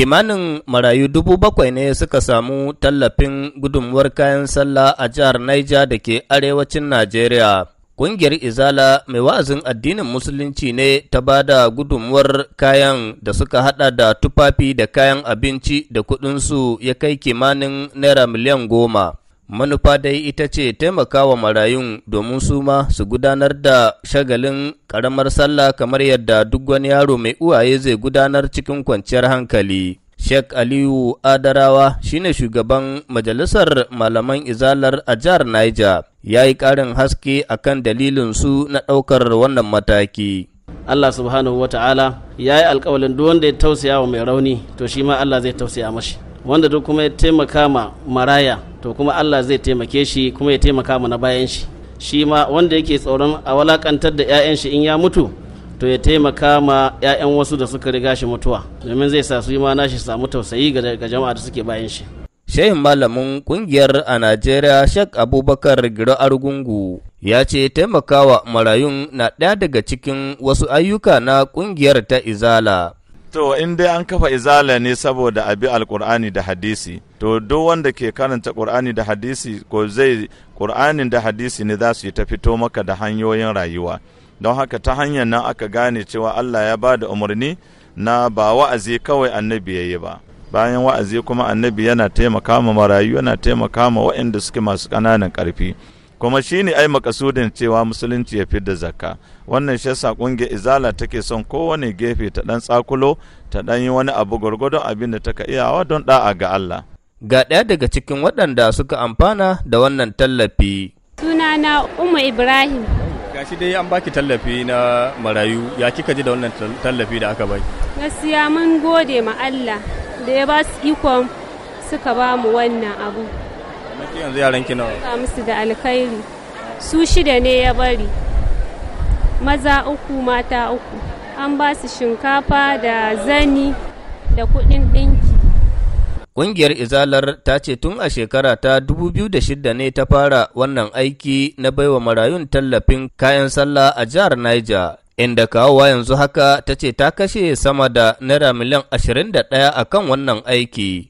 Kimanin marayu dubu bakwai ne suka samu tallafin gudunmuwar kayan sallah a jihar Naija da ke arewacin Najeriya. Ƙungiyar Izala mai wa'azin addinin Musulunci ne ta ba da gudunmuwar kayan da suka hada da tufafi da kayan abinci da kuɗinsu ya kai kimanin naira miliyan goma. Manufa dai ita ce taimaka wa marayun domin su ma su gudanar da shagalin karamar sallah kamar yadda duk wani yaro mai uwaye zai gudanar cikin kwanciyar hankali. Sheikh Aliyu Adarawa shine shugaban majalisar malaman izalar a jihar Niger ya yi ƙarin haske akan dalilin su na ɗaukar wannan mataki. Allah subhanahu wa ta'ala ya yi alkawalin duk wanda ya tausaya wa mai rauni to shi ma Allah zai tausaya mashi wanda duk kuma ya taimaka ma maraya to kuma Allah zai taimake shi kuma ya taimaka mu na bayan shi shi ma wanda yake tsoron a walakantar da 'ya'yan shi in ya mutu to ya taimaka ma 'ya'yan wasu da suka riga shi mutuwa domin zai sa su yi ma nashi samu tausayi ga jama'a da suke bayan shi Shehin malamin kungiyar a Najeriya Sheikh Abubakar Giro Argungu ya ce taimakawa marayun na ɗaya daga cikin wasu ayyuka na kungiyar ta Izala. To in dai an kafa izala ne saboda abi alkur'ani da hadisi, to duk wanda ke karanta ƙur'ani da hadisi ko zai ƙur'anin da hadisi ne za su yi ta fito maka da hanyoyin rayuwa. Don haka ta hanyar nan aka gane cewa Allah ya ba da umarni na ba wa'azi kawai annabi ya yi ba. Bayan wa'azi kuma annabi yana taimaka ma marayu yana taimaka ma waɗanda suke masu ƙananan ƙarfi. kuma shi ne ai makasudin cewa musulunci ya fi da zakka wannan shi yasa kungiyar izala take son kowane gefe ta dan tsakulo ta dan yi wani abu gwargwadon abin da ta ka iyawa don da'a ga Allah ga ɗaya daga cikin waɗanda suka amfana da wannan tallafi sunana Umma Ibrahim gashi dai an baki tallafi na marayu ya kika ji da wannan tallafi da aka baki gaskiya mun gode ma Allah da ya ba su ikon suka ba mu wannan abu yanzu yaran ki nawa musu da alkhairi su shida ne ya bari maza uku mata uku an ba su shinkafa da zani da kuɗin ɗinki Ƙungiyar Izalar ta ce tun a shekara ta 2006 ne ta fara wannan aiki na baiwa marayun tallafin kayan sallah a jihar Niger, inda kawowa yanzu haka ta ce ta kashe sama da naira miliyan 21 a kan wannan aiki.